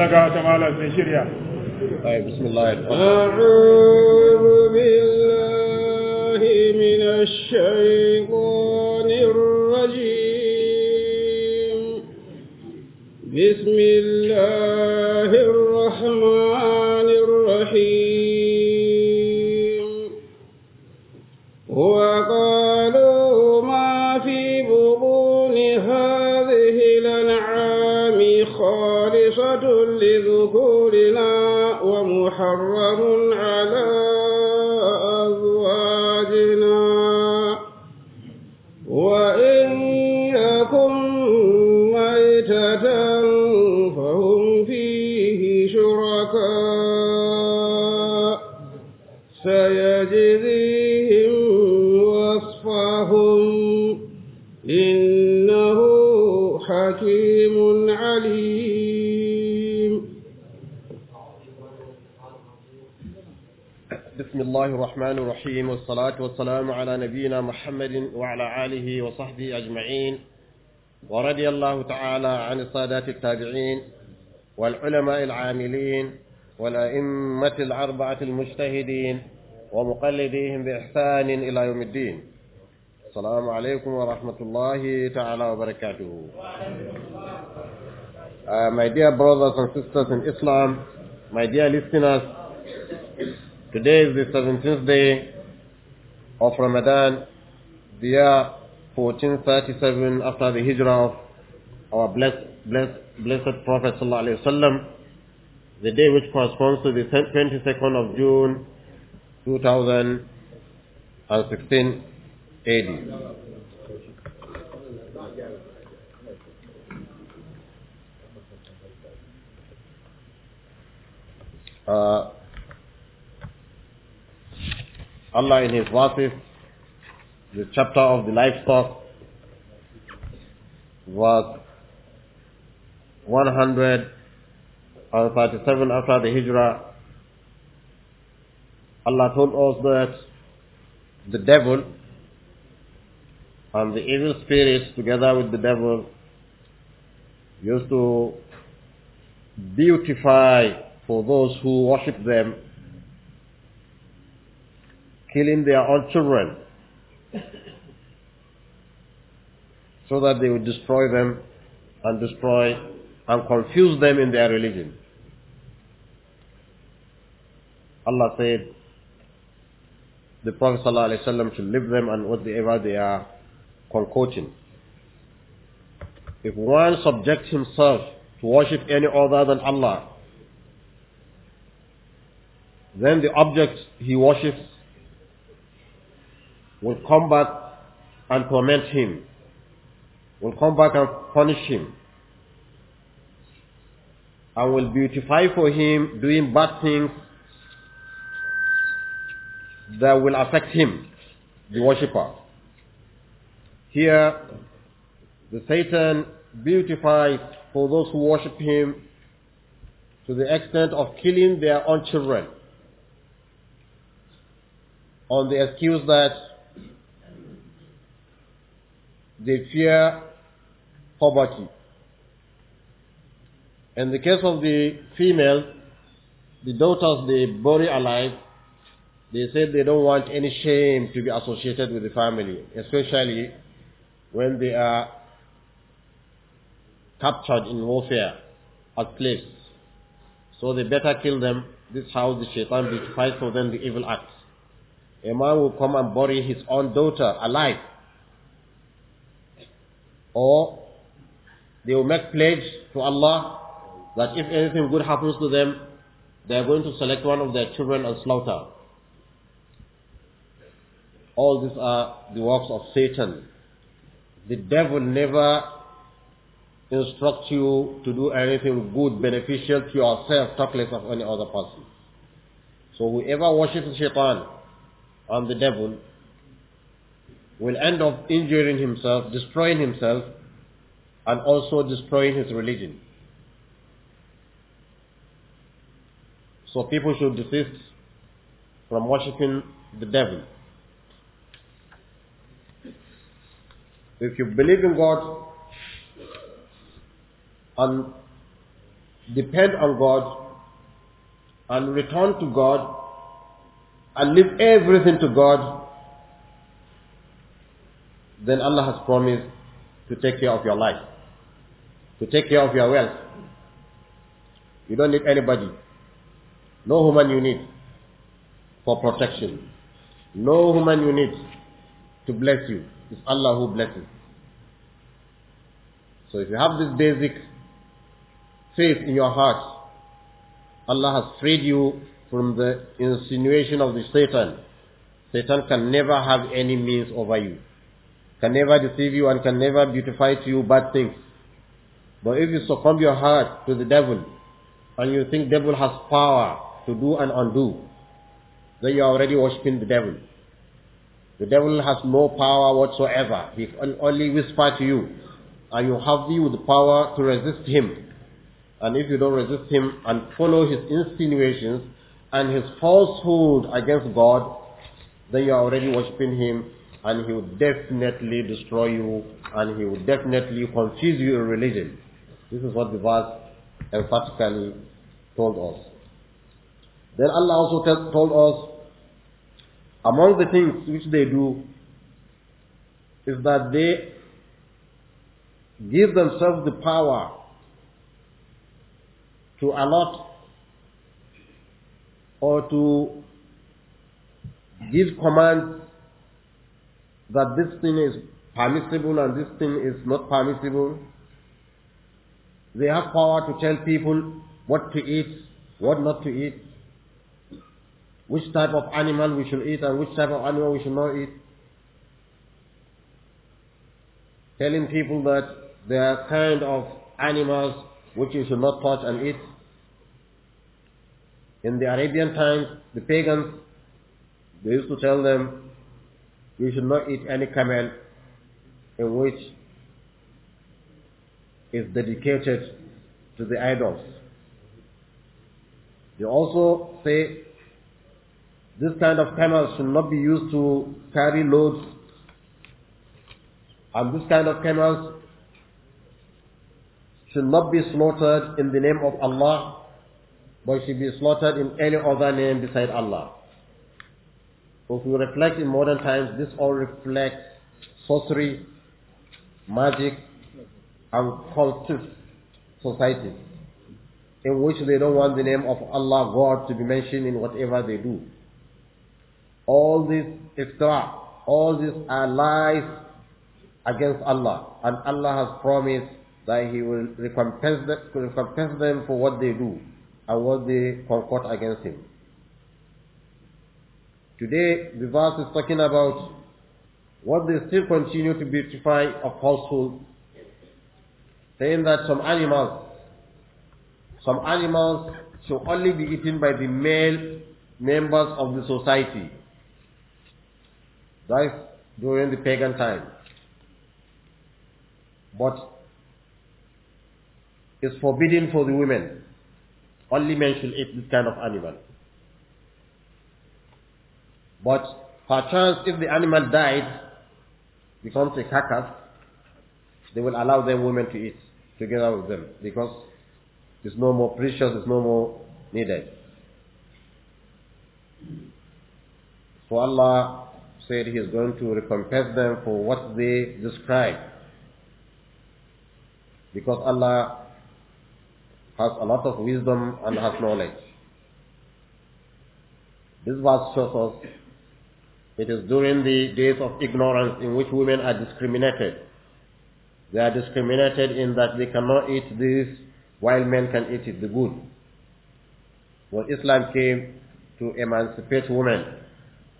على قاعدة مالا سيشيريا طيب بسم الله الرحمن أعوذ بالله من الشيطان الرجيم بسم الله الرحمن الرحيم لذكورنا ومحرم على أزواجنا وإن يكن ميتة فهم فيه شركاء سيجزيهم وصفهم إنه حكيم عليم بسم الله الرحمن الرحيم والصلاة والسلام على نبينا محمد وعلى آله وصحبه أجمعين ورضي الله تعالى عن السادات التابعين والعلماء العاملين والأئمة الأربعة المجتهدين ومقلديهم بإحسان إلى يوم الدين السلام عليكم ورحمة الله تعالى وبركاته uh, My dear brothers and sisters in Islam, my dear listeners, Today is the 17th day of Ramadan, the year 1437 after the hijrah of our blessed, blessed, blessed Prophet Sallallahu the day which corresponds to the 22nd of June 2016 AD. Uh, Allah in His verses, the chapter of the livestock was 137 after the Hijrah. Allah told us that the devil and the evil spirits together with the devil used to beautify for those who worship them killing their own children so that they would destroy them and destroy and confuse them in their religion. Allah said, the Prophet ﷺ should leave them and whatever they are concocting. If one subjects himself to worship any other than Allah, then the object he worships will come back and torment him, will come back and punish him, and will beautify for him doing bad things that will affect him, the worshipper. Here, the Satan beautifies for those who worship him to the extent of killing their own children on the excuse that they fear poverty. In the case of the female, the daughters they bury alive, they say they don't want any shame to be associated with the family, especially when they are captured in warfare as slaves. So they better kill them. This is how the shaitan fights for them the evil acts. A man will come and bury his own daughter alive or they will make pledge to Allah that if anything good happens to them, they are going to select one of their children and slaughter. All these are the works of Satan. The devil never instructs you to do anything good, beneficial to yourself, talk less of any other person. So whoever worships Satan and the devil will end up injuring himself, destroying himself, and also destroying his religion. So people should desist from worshipping the devil. If you believe in God and depend on God and return to God and leave everything to God, then Allah has promised to take care of your life, to take care of your wealth. You don't need anybody. No human you need for protection. No human you need to bless you. It's Allah who blesses. So if you have this basic faith in your heart, Allah has freed you from the insinuation of the Satan. Satan can never have any means over you can never deceive you and can never beautify to you bad things. But if you succumb your heart to the devil and you think devil has power to do and undo, then you are already worshipping the devil. The devil has no power whatsoever. He can only whisper to you. And you have you the power to resist him. And if you don't resist him and follow his insinuations and his falsehood against God, then you are already worshipping him and he would definitely destroy you and he would definitely confuse your religion. This is what the verse emphatically told us. Then Allah also told us among the things which they do is that they give themselves the power to allot or to give commands that this thing is permissible and this thing is not permissible. They have power to tell people what to eat, what not to eat, which type of animal we should eat and which type of animal we should not eat. Telling people that there are kind of animals which you should not touch and eat. In the Arabian times, the pagans, they used to tell them you should not eat any camel in which is dedicated to the idols. They also say this kind of camels should not be used to carry loads and this kind of camels should not be slaughtered in the name of Allah but should be slaughtered in any other name beside Allah. So if you reflect in modern times, this all reflects sorcery, magic, and cult societies in which they don't want the name of Allah, God, to be mentioned in whatever they do. All these extra, all these are lies against Allah. And Allah has promised that He will recompense them, recompense them for what they do and what they concord against Him. Today, the verse is talking about what they still continue to beautify of household, saying that some animals, some animals should only be eaten by the male members of the society. That's during the pagan time. But it's forbidden for the women. Only men should eat this kind of animal. But perchance if the animal died, becomes a carcass, they will allow their women to eat together with them because it's no more precious, it's no more needed. So Allah said He is going to recompense them for what they describe. Because Allah has a lot of wisdom and has knowledge. This verse shows us it is during the days of ignorance in which women are discriminated. They are discriminated in that they cannot eat this while men can eat it, the good. When Islam came to emancipate women,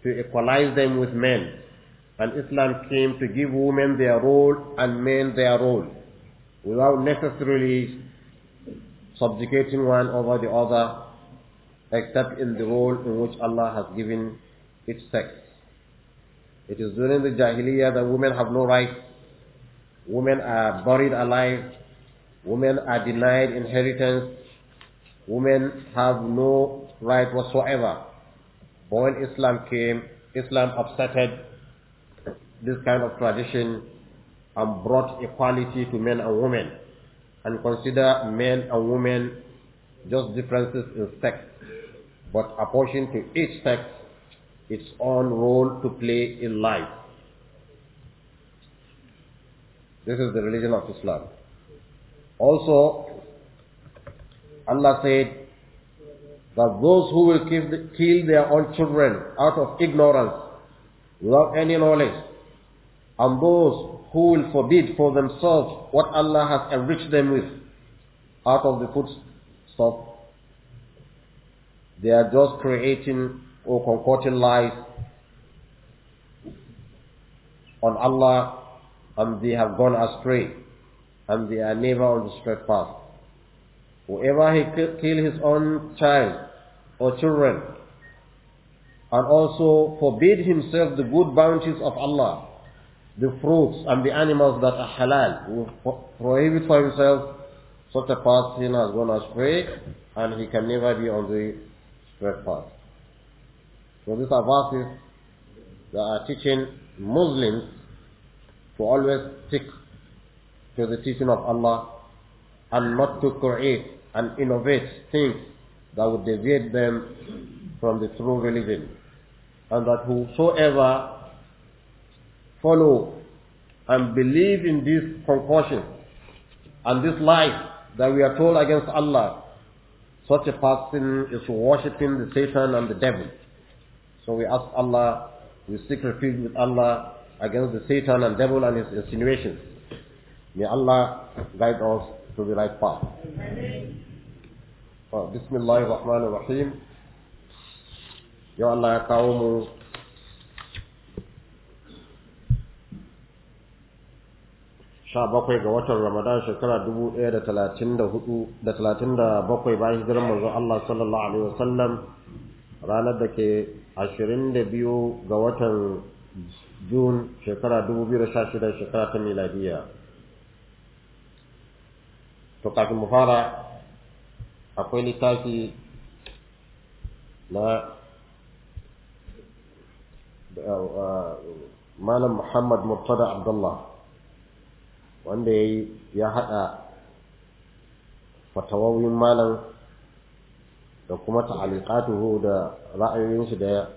to equalize them with men, and Islam came to give women their role and men their role without necessarily subjugating one over the other except in the role in which Allah has given each sex. It is during the Jahiliyyah that women have no right. Women are buried alive. Women are denied inheritance. Women have no right whatsoever. But when Islam came, Islam upsetted this kind of tradition and brought equality to men and women and consider men and women just differences in sex but apportioned to each sex its own role to play in life. This is the religion of Islam. Also, Allah said that those who will kill their own children out of ignorance, without any knowledge, and those who will forbid for themselves what Allah has enriched them with out of the foodstuff, they are just creating or concocting lies on Allah and they have gone astray and they are never on the straight path. Whoever he kill his own child or children and also forbid himself the good bounties of Allah, the fruits and the animals that are halal, will prohibit for himself such a person has gone astray and he can never be on the straight path. So these are verses that are teaching Muslims to always stick to the teaching of Allah and not to create and innovate things that would deviate them from the true religion. And that whosoever follow and believe in this concussion and this life that we are told against Allah, such a person is worshipping the Satan and the devil. So we ask Allah, we seek refuge with Allah against the Satan and devil and his insinuations. May Allah guide us to the right path. Oh, uh, Bismillah ar-Rahman ar-Rahim. Ya Allah ya kawo mu sha bakwai ga watan Ramadan shekara dubu ɗaya da talatin da hudu da talatin da bakwai bayan hijirar manzon Allah sallallahu alaihi sallam. ranar da ke 22 ga watan jun shekara 2016 shekara ta miladiya to kafin mu fara akwai littafi na uh, malam muhammad murtada abdullah wanda ya haɗa fatawawin malam da kuma ta'aliqatuhu da ra'ayoyinsu da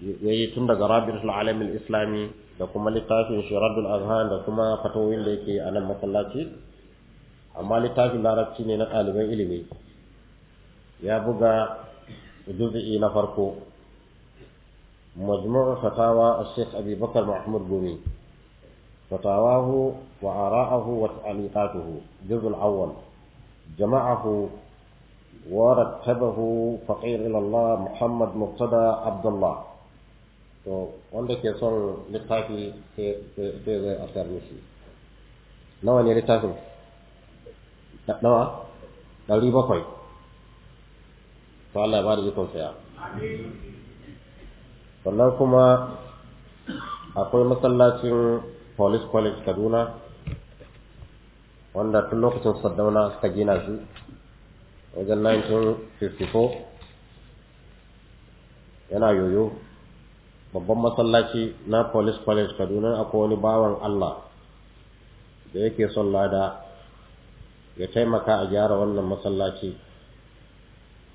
yayi tun daga Rabiul Alam al-Islami da kuma littafin Shiradul Azhan da kuma fatawoyin da yake a nan masallaci amma littafin larabci ne na ɗaliban ilimi ya buga juz'i na farko مجموع فتاوى الشيخ أبي بكر محمود بومي فتاواه وآراءه وتعليقاته الجزء الأول جمعه ورتبه فقير الى الله محمد مقتدى عبد الله تو وند ke son littafi تي تي da kuma akwai masallacin police college kaduna wanda tun lokacin saddauna suka gina shi wajen 1954 yana yoyo babban masallaci na police college kaduna akwai wani bawan allah da yake son lada ya taimaka a gyara wannan masallaci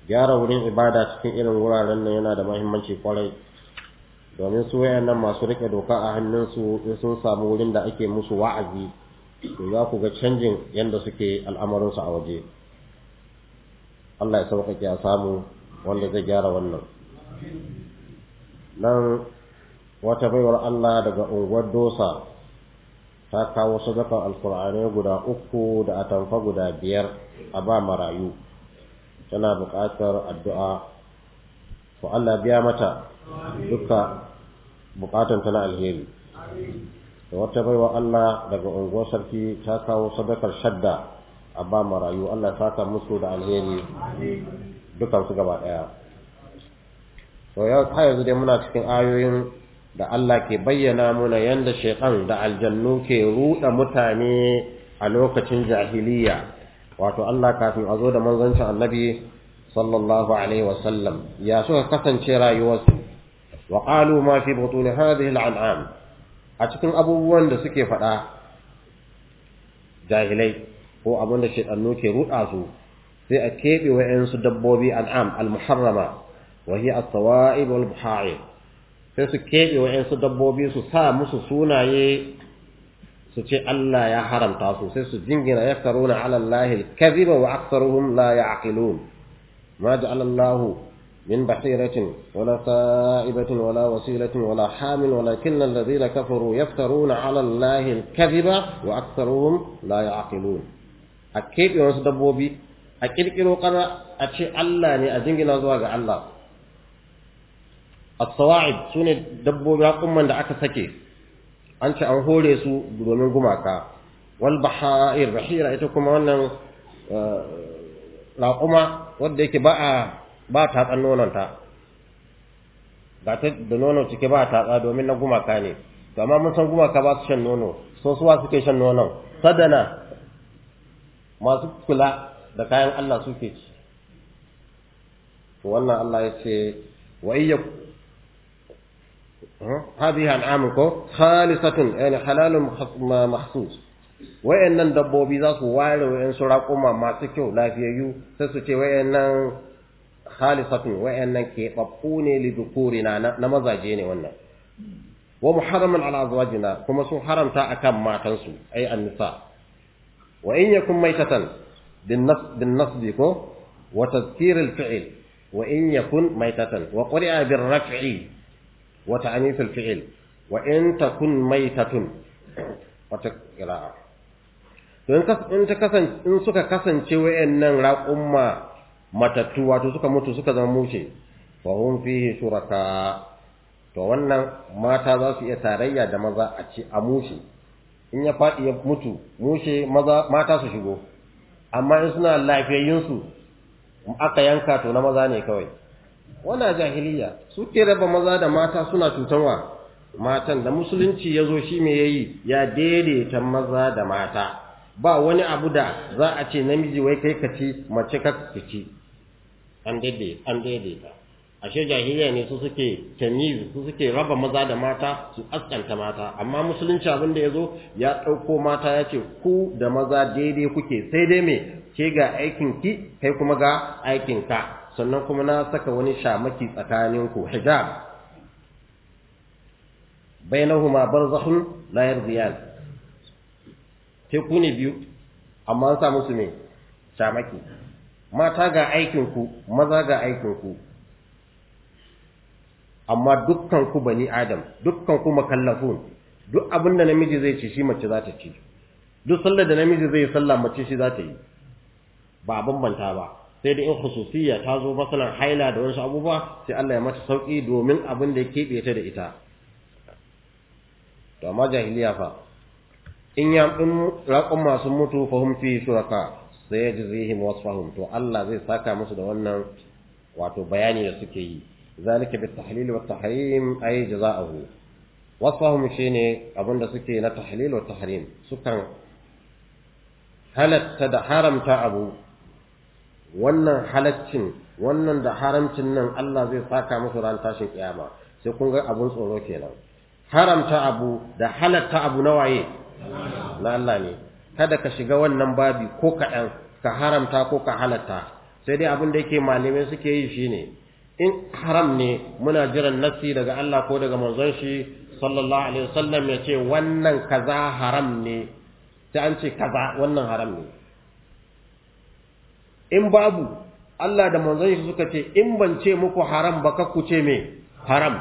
gyara wurin ibada cikin irin wuraren nan yana da mahimmanci kwarai domin su nan masu rike doka a hannunsu in sun samu wurin da ake musu wa'azi to za ku ga canjin yadda suke al'amarinsu a waje Allah ya sauƙaƙe a samu wanda zai gyara wannan nan wata baiwar Allah daga unguwar dosa ta kawo sadakar alkur'ani guda uku da atamfa guda biyar a ba marayu tana buƙatar addu'a ko Allah biya mata duka buƙatan tana alheri da wata baiwa Allah daga unguwar sarki ta kawo sadakar shadda a ba marayu Allah ya saka musu da alheri dukansu gaba ɗaya to ya yanzu dai muna cikin ayoyin da Allah ke bayyana muna yanda shaitan da aljannu ke ruɗa mutane a lokacin jahiliya wato Allah kafin a zo da manzancin annabi sallallahu alaihi wasallam ya suka kasance rayuwarsu wa qalu ma fi butun hadhihi al'an'am a cikin abubuwan da suke faɗa jahilai ko abin da shaidannu ke ruɗa su sai a keɓe wa'yansu dabbobi al'am al-muharrama wahi hiya as sai su keɓe wa'yansu dabbobi su sa musu sunaye su ce Allah ya haramta su sai su jingina yaftaruna ala Allah al-kadhiba wa aktharuhum la ya'qilun ma ja'ala Allah من بحيرة ولا سائبة ولا وسيلة ولا حام ولكن الذين كفروا يفترون على الله الكذب la ya يعقلون a keɓe wasu dabbobi a ƙirƙiro ƙara a ce Allah ne a jingina zuwa ga Allah a sawaid sune dabbobi haƙumman da aka sake an ce an hore su domin gumaka wal bahair rahira ita kuma wannan eh, raƙuma wadda yake ba a ba nononta ga ta da nono cike ba tatsa domin na gumaka ne to amma mun san gumaka ba su shan nono so suwa suke shan nonon sadana masu kula da kayan Allah suke ci wannan Allah ya ce wa iya iyyak هذه الأنعام خالصة يعني حلال مخصوص wayannan dabbobi za su ware wayansu raƙuma masu kyau lafiyayyu sai su ce wayannan khalisatun wayannan keɓaɓɓu ne lidukurina na mazaje ne wannan wa muharraman ala azwajina kuma sun haramta akan matansu ai annisa wa يكن yakun maitatan bin nasbi ko wa tadhkir al fi'l wa in yakun maitatan wa quri'a bir raf'i wa in to in ta kasance in suka kasance wayannan raqumma matattu wato suka mutu suka zama muce fa fihi to wannan mata za su iya tarayya da maza a ci a in ya faɗi ya mutu mushe mata su shigo amma in suna lafiyayyunsu aka yanka to na maza ne kawai wannan jahiliya su raba maza da mata suna cutarwa? matan da musulunci ya zo shi me ya yi ya daidaita maza da mata ba wani abu da za a ce namiji wai kai kaci, mace ka ci an daidaita ashe jahiliya ne su suke tamyiz su suke raba maza da mata su askanta mata amma musulunci abin da yazo ya dauko mata ya ce, ku da maza daidai kuke sai dai me ke ga aikin ki kai kuma ga aikin ka sannan kuma na saka wani shamaki tsakanin ku hijab bainahuma barzakhun la yardiyan ke ku ne biyu amma an sa musu me shamaki mata ga aikin ku maza ga aikin ku amma dukkan ku bani adam dukkan ku makallafun duk abin da namiji zai ci shi mace za ta ci duk sallar da namiji zai sallah mace shi za ta yi ba bambanta ba sai da in khususiyya ta zo masalan haila da wasu abubuwa sai Allah ya mata sauki domin abin da ya keɓe ta da ita to amma jahiliya fa in ya din raƙon masu mutu fahum fi suraka sai yajzihim wasfahum to Allah zai saka musu da wannan wato bayani da suke yi ذلك بالتحليل والتحريم أي جزاءه وصفهم شيني أبن سكي تحليل والتحريم سكان هلت تد حرم تأبو wannan halaccin wannan da haramcin nan Allah zai saka musu ran tashin kiyama sai kun ga abun tsoro kenan haramta abu da halatta abu na waye na Allah ne kada ka shiga wannan babi ko kaɗan ka haramta ko ka halatta sai dai abin da yake malamai suke yi shine in haram ne muna jiran nasi daga Allah ko daga manzon shi sallallahu alaihi wasallam ya ce wannan kaza haram ne sai an ce kaza wannan haram ne in babu Allah da manzon shi suka ce in ban ce muku haram ba ka ce me haram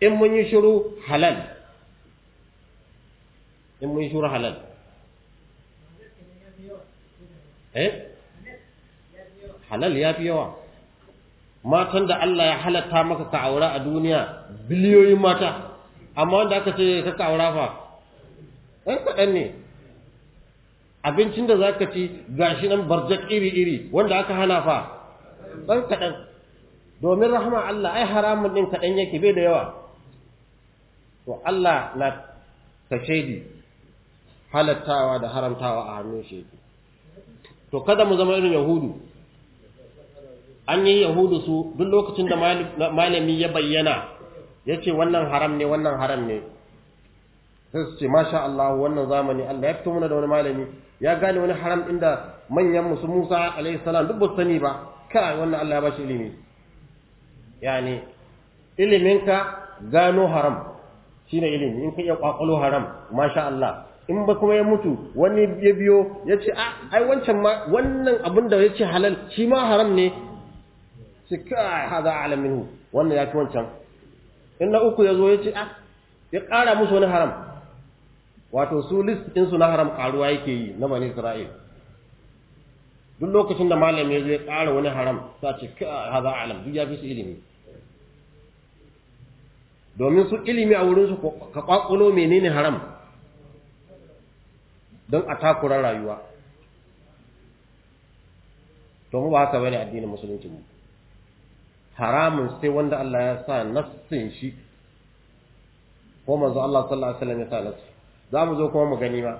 in mun yi shiru halal in mun yi shiru halal eh halal ya fi yawa matan da Allah ya halatta maka ka aura a duniya biliyoyin mata amma wanda aka ce ka aura fa ɗan kaɗan ne abincin da za ka ci gashi nan barjak iri-iri wanda aka hana fa ɗan kaɗan domin rahama Allah ai haramun ɗin kaɗan yake bai da yawa to Allah na ka shaidi halattawa da haramtawa a hannun shi to kada mu zama irin yahudu an yi yahudu su duk lokacin da malami ya bayyana ya ce wannan haram ne wannan haram ne sai su ce masha Allah wannan zamani Allah ya fito mana da wani malami ya gane wani haram inda manyan musu Musa alaihi salam duk ba sani ba kai wannan Allah ya bashi ilimi yani ka gano haram shine ilimi in ka iya kwakwalo haram masha Allah in ba kuma ya mutu wani ya biyo ya ce a ah, ai wancan ma wannan abin da ya ce halal shi ma haram ne sai kai haza alam minhu wannan ya fi wancan in na uku ya zo ya ce ah ya ƙara musu wani haram wato su list su na haram ƙaruwa yake yi na bani isra'il duk lokacin da malami ya zo ya ƙara wani haram ta ce kai haza alam duk ya fi su ilimi domin su ilimi a wurin su ka kwakulo menene haram don a takura rayuwa to mu ba haka bane addinin musulunci mu haramun sai wanda Allah ya sa nassin shi ko manzo Allah sallallahu alaihi wasallam ya sa nassin za mu zo kuma mu gani ma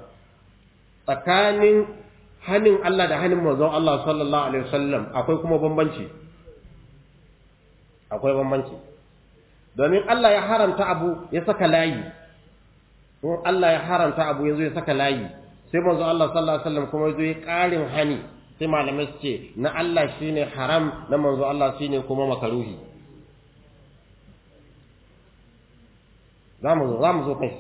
tsakanin hanin Allah da hanin manzo Allah sallallahu alaihi wasallam akwai kuma bambanci akwai bambanci domin Allah ya haramta abu ya saka layi ko Allah ya haramta abu yanzu ya saka layi sai manzo Allah sallallahu alaihi wasallam kuma yazo ya karin hani sai malamai su ce na Allah shine haram na manzo Allah shine kuma makaruhi zamu zamu zo kai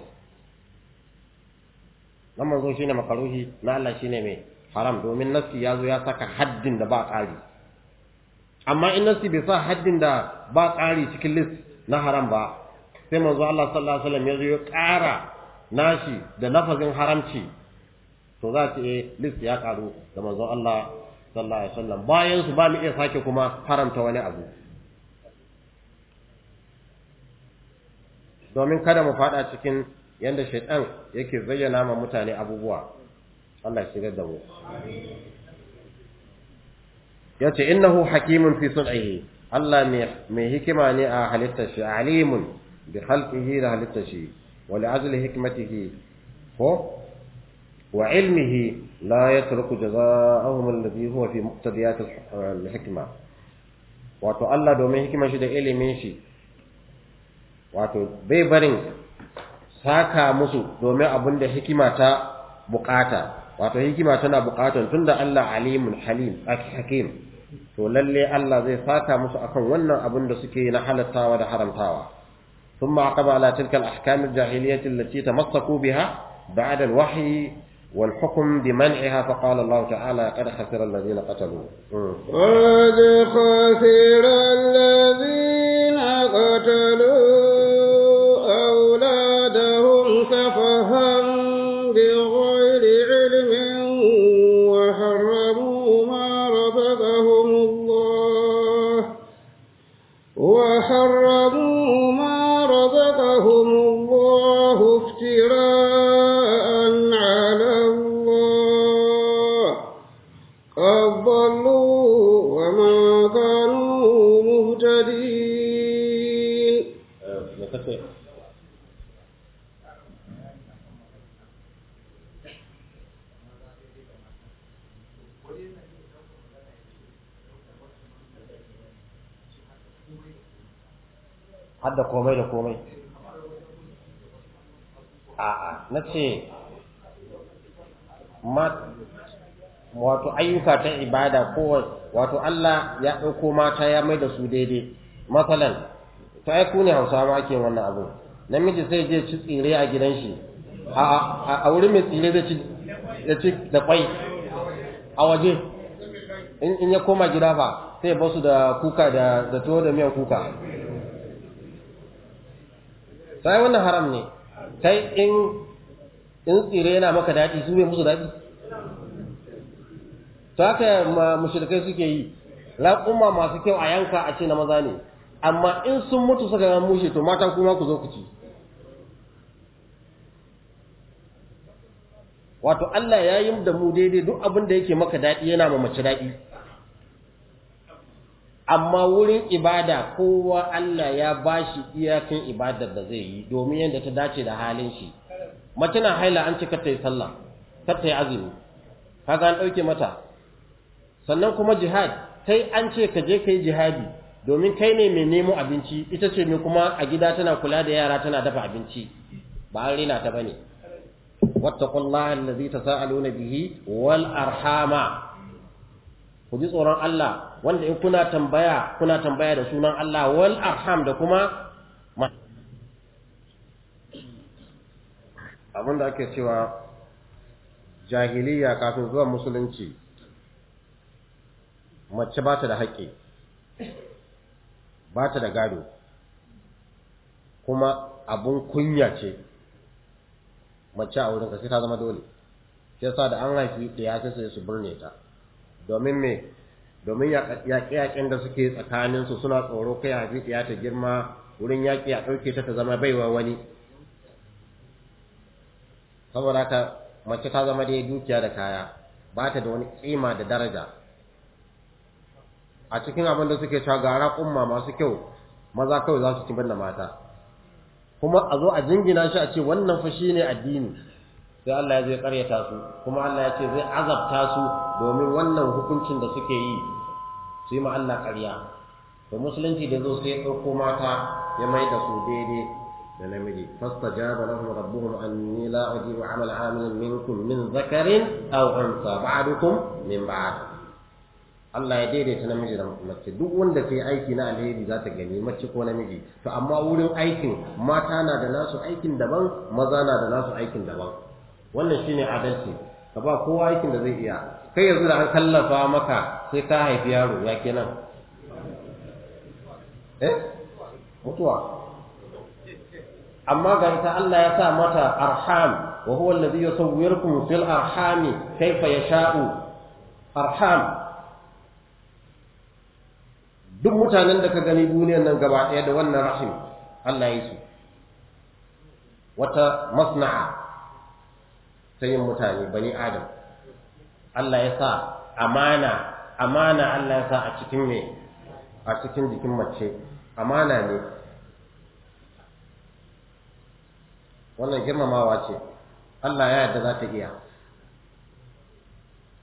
na manzo shine makaruhi na Allah shine mai haram domin nasi ya zo ya saka haddin da ba ƙari amma in nasi bai sa haddin da ba ƙari cikin list na haram ba sai manzo Allah sallallahu alaihi wasallam ya zo ya ƙara nashi da nafazin haramci to za ta list ya karu da manzon Allah sallallahu alaihi wasallam bayan su ba mu iya sake kuma haramta wani abu domin kada mu fada cikin yanda shaitan yake zayyana ma mutane abubuwa Allah ya shigar da mu yace innahu hakimun fi sun'ihi Allah mai hikima ne a halittar shi alimun bi khalqihi da halittar shi ajli hikmatihi ko وعلمه لا يترك جزاءهم الذي هو في مقتضيات الحكمة wato Allah domin hikimar shi da ilimin shi wato bai barin saka musu domin abin da hikima ta bukata wato hikima tana bukatan tunda Allah alimun halim hakim to lalle Allah zai saka musu akan wannan abin da suke na halattawa da haramtawa ثم عقب على تلك الأحكام الجاهلية التي تمسكوا بها بعد الوحي والحكم بمنعها فقال الله تعالى قد خسر الذين قتلوا قد خسر الذين قتلوا har da komai da komai a'a na ce wato ayyuka ta ibada ko wato Allah ya ɗauko mata ya mai da su daidai matsalan ta aiku ne ne hausawa ake wannan abu namiji sai je ci tsire a gidan shi a wuri mai tsire zai ci ya ci da kwai a waje in ya koma gida ba sai ba basu da kuka da tuwo da miyan kuka sai wannan haram ne kai in in tsire yana maka daɗi su bai musu daɗi to haka mushrikai suke yi raƙuma masu kyau a yanka a ce na maza ne amma in sun mutu suka ga mushe to mata kuma ku zo ku ci wato Allah ya yi da mu daidai duk abin da yake maka daɗi yana ma mace daɗi amma wurin ibada kowa Allah ya bashi iyakin ibadar da zai yi domin yadda ta dace da halin shi mace na haila an ce ta sallah kar yi azumi kaga an ɗauke mata sannan kuma jihad kai an ce ka je ka yi jihadi domin kai ne mai nemo abinci ita ce mai kuma a gida tana kula da yara tana dafa abinci ba an rina ta bane wattaqullaha allazi tasaaluna bihi wal arhama ku ji tsoron Allah wanda in kuna tambaya kuna tambaya da sunan Allah wal arham da kuma abinda ake cewa jahiliya kafin zuwa musulunci mace ba ta da haƙƙi ba ta da gado kuma abun kunya ce mace a wurin ka sai ta zama dole sai sa da an haifi da ɗaya sai su birne ta domin me domin yaƙe-yaƙen da suke tsakaninsu suna tsoro kai haifi ya ta girma wurin yaƙi a ɗauke ta ta zama baiwa wani saboda ka mace ta zama dai dukiya da kaya ba ta da wani ƙima da daraja a cikin abin da suke cewa ga raƙumma masu kyau maza kawai za su ci da mata kuma a zo a jingina shi a ce wannan fa ne addini sai Allah ya zai karyata su kuma Allah ya ce zai azabta su domin wannan hukuncin da suke yi su yi ma Allah ƙarya to musulunci da zo sai ɗauko mata ya mai da su daidai da namiji fastajaba lahum rabbuhum anni la ajibu amal amilin minkum min zakarin aw unsa ba'dukum min ba'd Allah ya daidaita namiji da mace duk wanda sai aiki na alheri za ta gani mace ko namiji to amma wurin aikin mata na da nasu aikin daban maza na da nasu aikin daban wannan shine adalci ka ba kowa aikin da zai iya kai yanzu da an kallafa maka sai ka haifi yaro ya kenan eh mutuwa amma ga ta Allah ya sa mata arham wa huwa wuyar yusawwirukum fil arhami kayfa yasha'u arham duk mutanen da ka gani duniyar nan gaba ɗaya da wannan rahim Allah ya yi su wata masna'a ta yin mutane bani adam Allah ya sa amana amana Allah ya sa a cikin me a cikin jikin mace amana ne wannan girmamawa ce Allah ya yarda za ta iya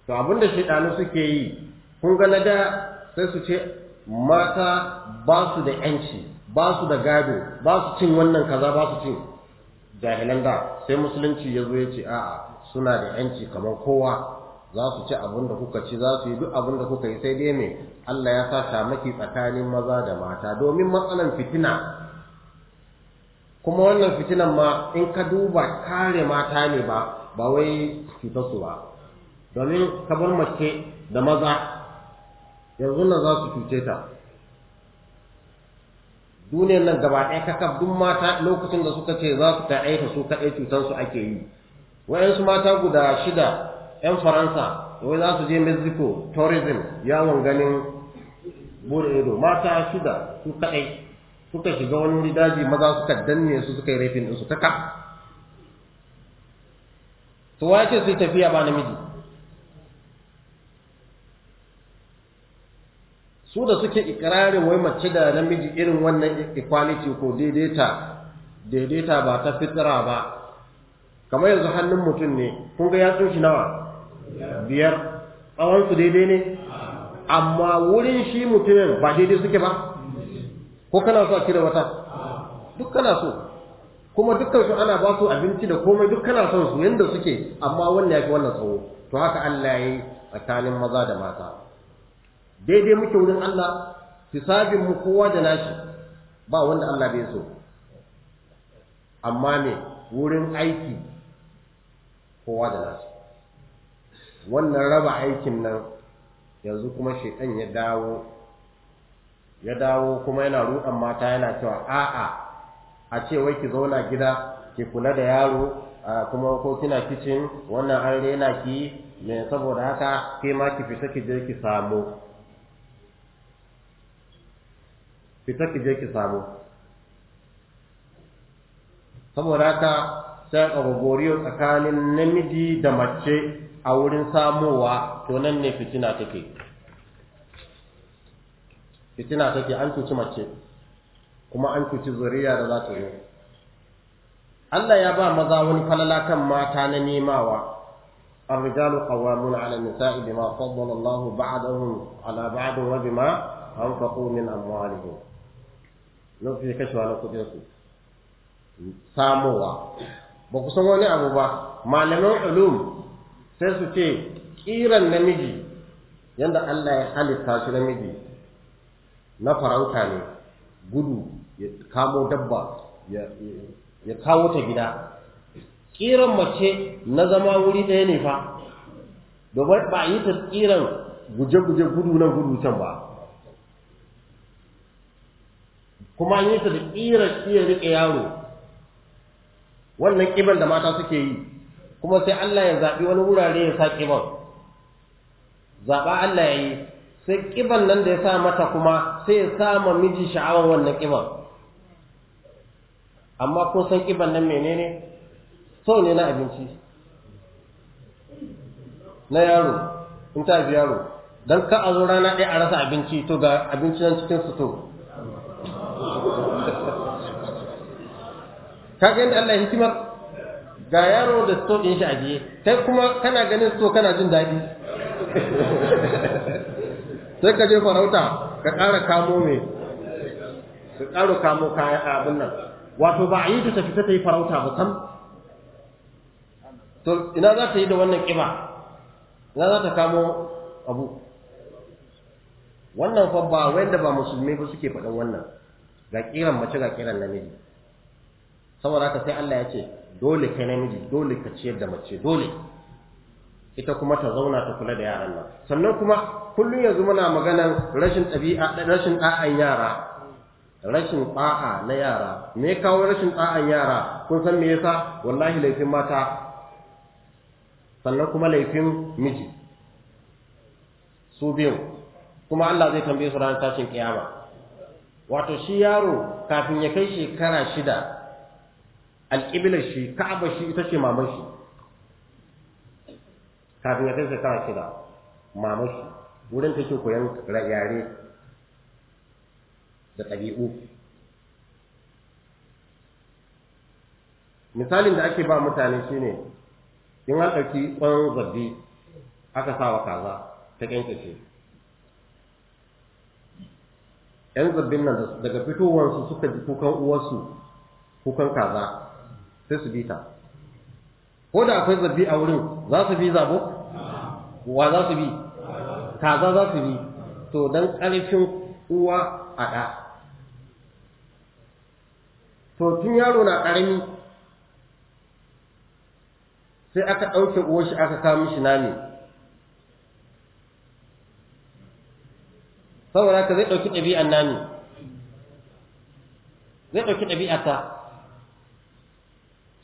to abinda shedanu suke yi kun ga da sai su ce mata ba su da yanci ba su da gado ba su cin wannan kaza ba su cin jahilan da sai musulunci ya zo ya ce a'a suna da yanci kamar kowa za su ci abin da kuka ci za su yi duk abin da kuka yi sai dai me Allah ya sa maki tsakanin maza da mata domin matsalan fitina kuma wannan fitinan ma in ka duba kare mata ne ba ba wai su ba domin ka bar mace da maza yanzu nan za su cuce ta duniyar nan gaba ɗaya kaka duk mata lokacin da suka ce za su ta aika su kaɗai cutansu ake yi wa'yansu mata guda shida 'yan faransa wai za su je mexico tourism yawon ganin bude ido mata shida su kaɗai suka shiga wani wuri daji maza suka danne su suka yi rafin ɗinsu ta kaf to wa ce sai tafiya ba namiji su da suke ikirarin wai mace da namiji irin wannan equality ko daidaita daidaita ba ta fitira ba kamar yanzu hannun mutum ne kun ga 'ya shi nawa biyar tsawonsu daidai ne amma wurin shi mutumin ba daidai suke ba ko kana so a kira wata duk kana so kuma dukkan su ana ba su abinci da komai duk kana son su yanda suke amma wannan yafi wannan tsawo to haka Allah yayi tsakanin maza da mata daidai muke wurin Allah hisabin mu kowa da nashi ba wanda Allah bai so amma ne wurin aiki kowa da nashi wannan raba aikin nan yanzu kuma shekan ya dawo ya dawo kuma yana ruɗan mata yana cewa a'a a ce wai ki zauna gida ki kula da yaro kuma ko kina kicin wannan an rena ki ne saboda haka ke ma ki fita ki je ki samu fita ki je ki samu saboda haka sai a tsakanin namiji da mace a wurin samowa to nan ne fitina take fitina take an cuci mace kuma an cuci zuriya da za ta yi Allah ya ba maza wani falala kan mata na nemawa الرجال قوامون على النساء بما فضل الله بعضهم على بعض وبما أنفقوا من أموالهم nufi kashewa na kudinsu samowa ba ku san wani abu ba malamin ulum sai su ce ƙiran namiji yadda Allah ya halitta shi namiji na farauta ne gudu ya kamo dabba ya kawo ta gida ƙiran mace na zama wuri ɗaya ne fa domin ba a yi ta ƙiran guje-guje gudu na gudu can ba kuma an yi ta da ƙiran iya riƙe yaro wannan ƙiban da mata suke yi kuma sai Allah ya zaɓi wani wurare ya sa ƙiban zaɓa Allah ya yi sai ƙiban nan da ya sa mata kuma sai ya sa ma miji sha'awar wannan ƙiban amma kun san ƙiban nan menene so ne na abinci na yaro in ta fi yaro don ka a zo rana ɗaya a rasa abinci to ga abinci nan cikin to kaga yadda Allah ya hikimar ga yaro da sto ɗin shi a biye kai kuma kana ganin sto kana jin daɗi sai ka je farauta ka ƙara kamo me ka ƙara kamo kayan abin nan wato ba a yi ta tafi ta yi farauta ba sam to ina za ta yi da wannan ƙiba ina za ta kamo abu wannan fa ba wanda ba musulmi ba suke faɗin wannan ga ƙiran mace ga ƙiran namiji saboda haka sai Allah ya ce dole kai namiji dole ka ciyar da mace dole ita kuma ta zauna ta kula da yaran nan sannan kuma kullum yanzu muna maganan rashin ɗabi'a rashin ɗa'an yara rashin ɓa'a na yara me kawo rashin ɗa'an yara kun san me yasa wallahi laifin mata sannan kuma laifin miji su biyu kuma Allah zai tambaye su ranar tashin kiyama wato shi yaro kafin ya kai shekara shida alƙiblar shi ka'aba shi ita ce maman shi kafin ya kai shekara shida maman shi wurin take koyan yare da ɗabi'u misalin da ake ba mutane shine in an ɗauki ƙwan zabbi aka sa wa kaza ta ce ‘yan zabbin nan daga fitowarsu suka ji kukan uwarsu kukan kaza sai su bi ta ko da akwai zabi a wurin za su bi zabo wa za su bi kaza za su bi to dan ƙarfin uwa a ɗa to tun yaro na ƙarami sai aka ɗauke uwar shi aka kawo mishi nami saboda ka zai ɗauki ɗabi'an nami zai ɗauki ɗabi'ata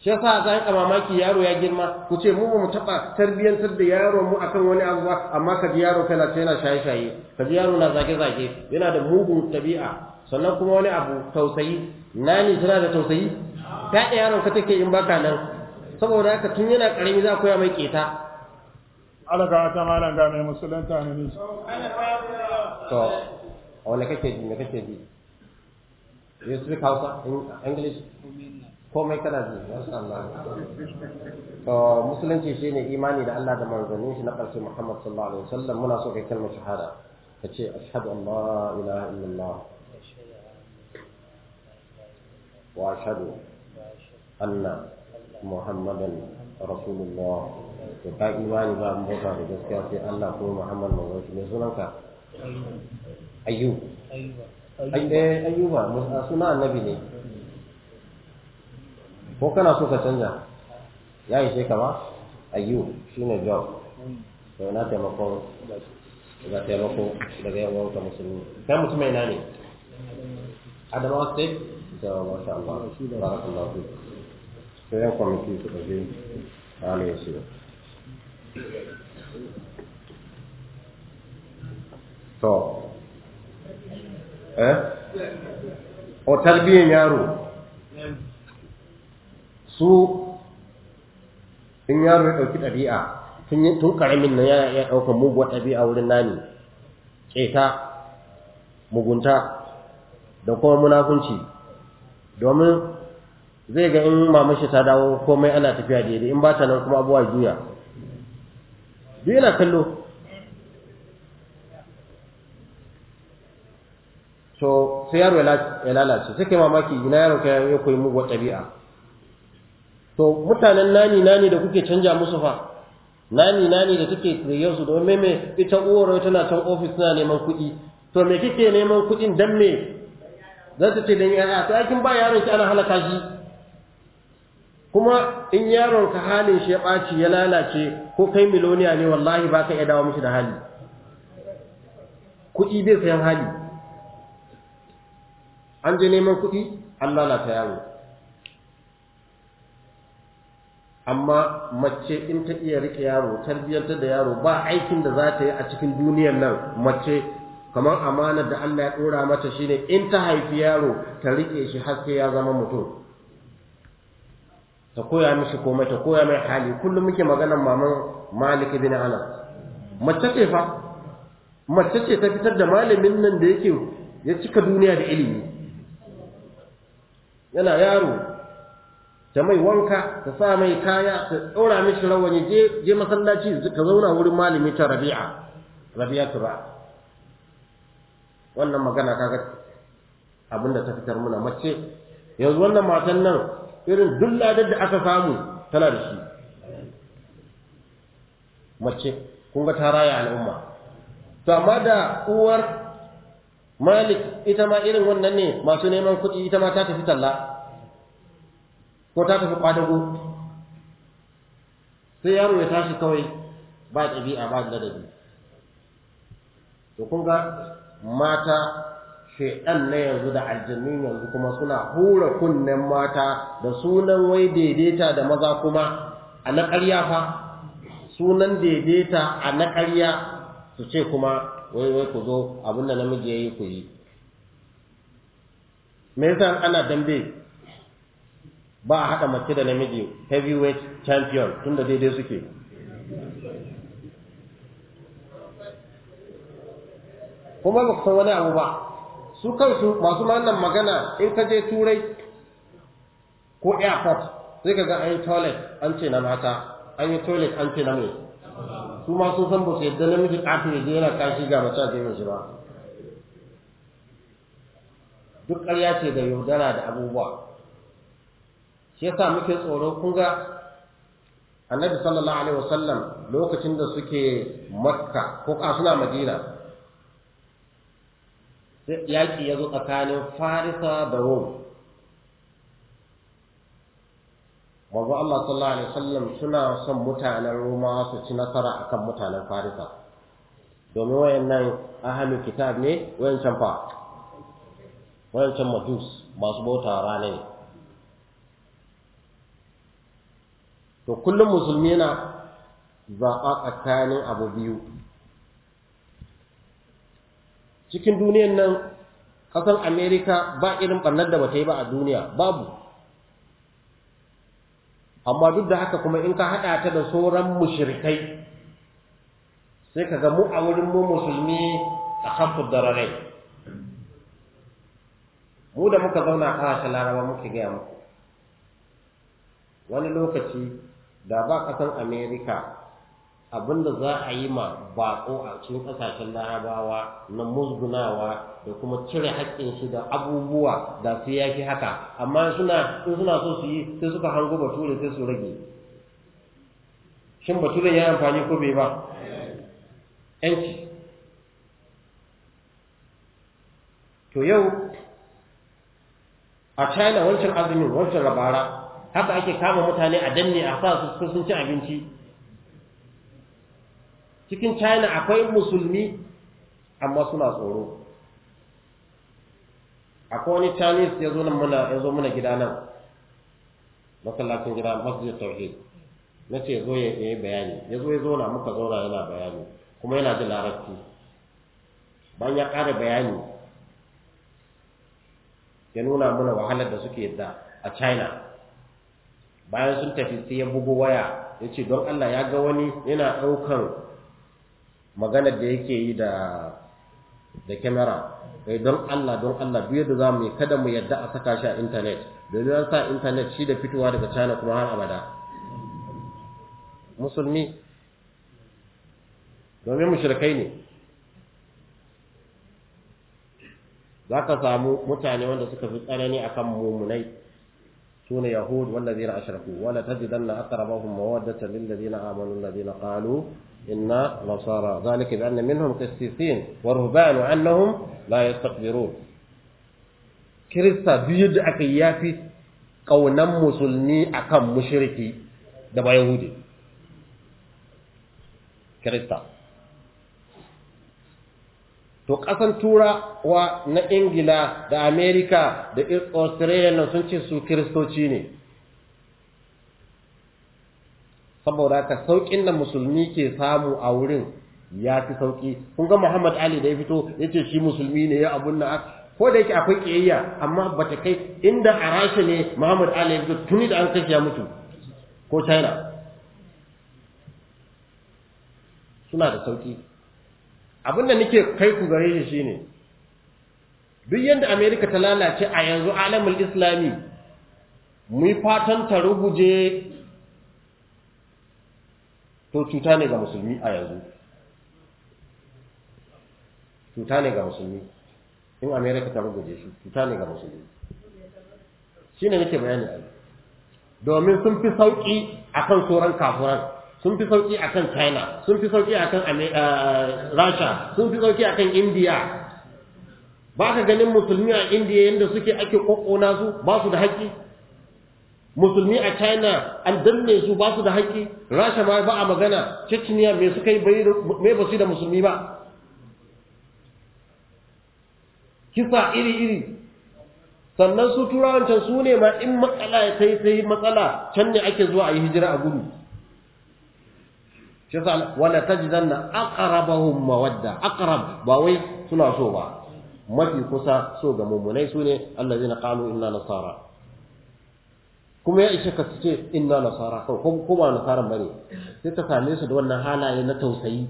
shi yasa za ka mamaki yaro ya girma ku ce mu mu taba tarbiyantar da yaro mu akan wani abu ba amma ka ji yaro kana yana shaye shaye ka ji yaro na zage zage yana da mugun tabi'a sannan kuma wani abu tausayi nani tana da tausayi ka da yaron ka take in baka nan saboda haka tun yana karami za ku ya mai keta alaka ta malan ga mai musulunta ne ni to wala kake ji ne kake ji you speak Hausa in English komai kana ji Allah to musulunci shine imani da Allah da manzannin shi na karshe Muhammad sallallahu alaihi wasallam muna so kai kalmar shahada kace ashhadu an la ilaha illallah wa ashhadu anna muhammadan rasulullah to ka imani ba mu bauta da gaskiya sai Allah ko Muhammad manzon shi ne sunanka ayyub ayyuba ayyuba suna annabi ne ko kana so ka canja ya yi sai kama ayyu shine job to na taimako daga taimako daga yan wanka musulmi kai mutum ina ne adamawa state da masha Allah barakallahu fi sai yan kwamiti su shi to eh o tarbiyyar yaro su in yaro ya ɗauki ɗabi'a tun ƙaramin nan yana iya ɗaukar muguwa ɗabi'a wurin nani ƙeta mugunta da kuma munafunci domin zai ga in mamashi ta dawo komai ana tafiya daidai in ba ta nan kuma abuwa juya duk yana kallo to sai yaro ya lalace sai kai mamaki yana yaro ka ya koyi muguwar ɗabi'a to mutanen nani nani da kuke canja musu fa nani nani da take tsayyar su domin me ita uwar tana can office na neman kuɗi to me kike neman kuɗin dan me za ta ce dan yaya to aikin ba yaron ki ana halaka shi kuma in yaron ka halin shi ya ɓaci ya lalace ko kai miloniya ne wallahi ba ka iya dawo mishi da hali kuɗi bai sayan hali an je neman kuɗi an lalata yaro amma mace in ta iya rike yaro tarbiyyarta da yaro ba aikin da za ta yi a cikin duniyar nan mace kamar amanar da Allah ya dora mata shine in ta haifi yaro ta rike shi har sai ya zama mutum ta koya mishi komai ta koya mai hali kullum muke maganar maman Malik bin Anas mace ce fa mace ce ta fitar da malamin nan da yake ya cika duniya da ilimi yana yaro ta mai wanka ta sa mai kaya ta ɗora mishi rawani je je masallaci ka zauna wurin malami ta rabi'a rabi'a tura wannan magana kaga abinda ta fitar muna mace yanzu wannan matan nan irin duk ladar da aka samu tana da shi mace kun ga ta raya al'umma to amma da uwar malik ita ma irin wannan ne masu neman kuɗi ita ma ta tafi talla ko ta tafi kwadago sai yaro ya tashi kawai ba ɗabi'a ba ladabi to kun ga mata shaidan na yanzu da aljannu yanzu kuma suna hura kunnen mata da sunan wai daidaita da maza kuma a na ƙarya fa sunan daidaita a na ƙarya su ce kuma wai wai ku zo abin da namiji ya yi ku yi me yasa ana dambe ba a haɗa mace da namiji heavyweight champion tun da daidai suke kuma ba san wani abu ba su kansu masu wannan magana in ka je turai ko airport sai ka ga an yi toilet an ce na mata an yi toilet an ce na mai su ma sun san ba su yadda namiji ƙafi ya je yana kashi ga mace a mai shi ba duk ƙarya ce da yaudara da abubuwa shi yasa muke tsoro kun ga annabi sallallahu alaihi wasallam lokacin da suke makka ko ka suna madina yaƙi ya zo tsakanin farisa da rom manzo Allah sallallahu alaihi wasallam suna son mutanen Roma su ci nasara akan mutanen Farisa domin wayannan ahlu kitab ne wayancan fa wayancan majus masu bauta rana ne to kullum musulmi yana zaɓa tsakanin abu biyu cikin duniyan nan ƙasar amerika ba irin ɓarnar da ba ta yi ba a duniya babu amma duk da haka kuma in ka haɗa ta da sauran mushirkai sai ka ga mu a wurin mu musulmi a da dararai mu da muka zauna a ƙasashen laraba muka gaya muku wani lokaci da ba ƙasar america abinda za a yi ma baƙo a cikin ƙasashen larabawa na musgunawa da kuma cire haƙƙin shi da abubuwa da su ya fi haka amma suna in suna so su yi sai suka hango bature sai su rage shin bature ya amfani ko bai ba yanci to yau a china wancan azumin wancan rabara haka ake kama mutane a danne a sa su sun ci abinci cikin china akwai musulmi amma suna tsoro akwai wani chinese ya zo muna ya zo muna gida nan masallacin gida masjid tauhid na ce zo ya yi bayani ya zo ya zauna muka zauna yana bayani kuma yana jin larabci bayan ya ƙara bayani ya nuna mana wahalar da suke da a china bayan sun tafi sai ya bugo waya ya ce don Allah ya ga wani yana ɗaukan maganar da yake yi da da kyamara kai eh, don Allah don Allah biyu da za mu yi kada mu yadda a saka shi a intanet domin an sa intanet shi da fitowa daga cana kuma har abada musulmi domin mushrikai ne za ka samu mutane wanda suka fi tsanani akan mummunai دون يهود والذين أشركوا ولا ولتجدن أقربهم مودة للذين آمنوا الذين قالوا إنا نصارى ذلك بأن منهم قسيسين ورهبان وأنهم لا يستكبرون كريستا بيد da قونا مسلمي أكم مشركي دبا يهودي كريستا to ƙasan turawa na ingila da amerika da australia na sun ce su kiristoci ne saboda haka sauƙin da musulmi ke samu a wurin ya fi sauƙi kun ga muhammad ali da ya fito ya ce shi musulmi ne ya abun na ko da yake akwai ƙiyayya amma ba ta kai inda a rasha ne muhammad ali ya fito tuni da an kashe ya mutu ko china suna da sauƙi abin da nake kai ku gare shi shine duk yadda america ta lalace a yanzu alamul islami mu yi fatan ta ruguje to cuta ne ga musulmi a yanzu cuta ne ga musulmi in america ta ruguje shi cuta ne ga musulmi shine nake bayani a domin sun fi sauki akan tsoron kafuran sun fi sauki akan china sun fi sauki akan Russia, sun fi sauki akan india ba ka ganin musulmi a india yadda suke ake kokona su ba su da haƙƙi musulmi a china an danne su ba su da haƙƙi Russia ma ba a magana chechnya mai suka yi me basu su da musulmi ba kisa iri-iri sannan su turawan can su ne ma in matsala ya sai sai matsala can ne ake zuwa a yi hijira a gudu shi sa wala tajidanna aqrabahum mawadda aqrab ba wai suna so ba mafi kusa so ga mummunai sune allazina qalu inna nasara kuma ya ishe ka su ce inna nasara ko kuma nasara bane sai ta same su da wannan halaye na tausayi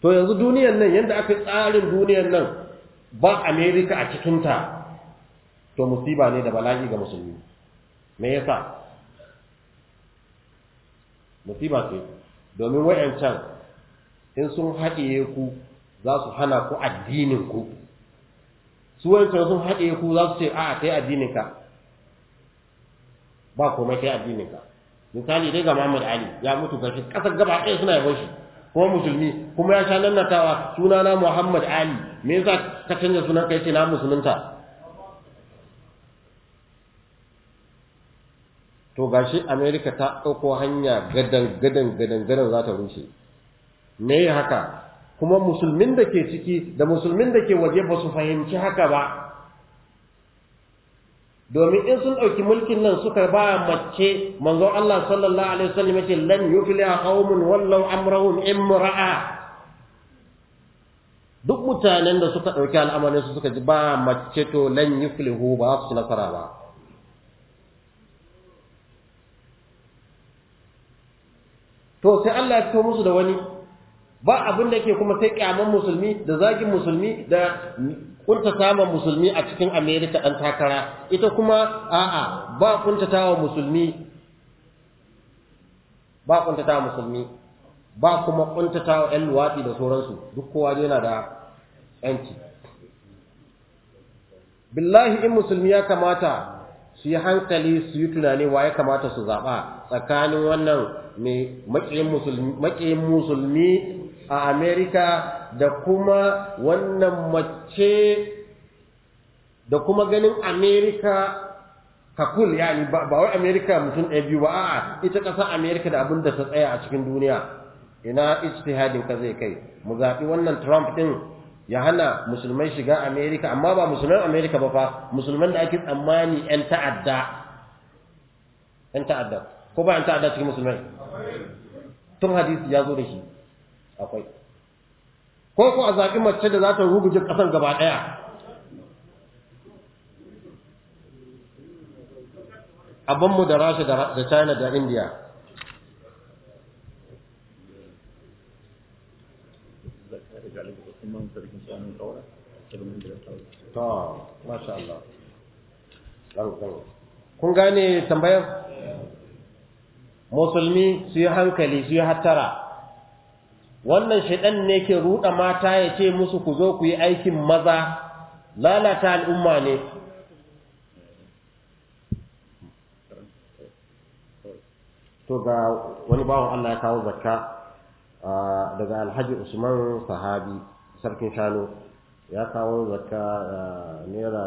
to yanzu duniyar nan yanda aka tsarin duniyar nan ba Amerika a ta, to musiba ne da bala'i ga musulmi me yasa musiba ce domin wayancan in sun haɗiye ku za su hana ku addinin ku su wayancan sun haɗiye ku za su ce a kai addinin ka ba kuma kai addinin ka misali dai ga Muhammad Ali ya mutu gashi kasar gaba ɗaya suna yabon shi kuma musulmi kuma ya sha nannatawa sunana Muhammad Ali me yasa ka canza sunan kai ce na musulunta to gashi America ta ɗauko hanya gadan gadan gadan gadan za ta rushe me haka kuma musulmin da ke ciki da musulmin da ke waje ba su fahimci haka ba domin in sun ɗauki mulkin nan suka ba mace manzo Allah sallallahu alaihi wasallam yace lan yufliha qaumun wallau amrahum imra'a duk mutanen da suka ɗauki al'amarin su suka ji ba mace to lan yuflihu ba su nasara ba to sai Allah ya fito musu da wani ba abin da yake kuma sai kyaman musulmi da zagin musulmi da kunta kuntatawa musulmi a cikin America dan takara ita kuma a'a ba tawa musulmi ba tawa musulmi ba kuma tawa ƴan luwaɗi da sauransu duk kowa yana da ƴanci billahi in musulmi ya kamata su yi hankali su yi tunani wa ya kamata su zaɓa tsakanin wannan mai maƙiyin musulmi a amerika da kuma wannan mace da kuma ganin amerika kakul yani ba wai amerika mutum ɗaya biyu ba a ita ƙasar amerika da abin da ta tsaya a cikin duniya ina ijtihadin ka zai kai mu zaɓi wannan trump ɗin ya hana musulmai shiga Amerika amma ba musulman Amerika ba fa musulman da ake tsammani yan ta'adda ƴan ta'adda ko ba yan ta'adda cikin musulmai tun hadisi ya zo da shi akwai ko ko a zaɓi mace da za ta rubuce ƙasan gaba ɗaya abinmu da rasha da china da india kun gane tambayar musulmi su yi hankali su yi hattara wannan shaɗan ne ke ruɗa mata ya ce musu ku zo ku yi aikin maza lalata al'umma ne to ga wani bawon Allah ya kawo zakka ah, daga alhaji usman sahabi سركن كانوا يا كاو زكا نيرا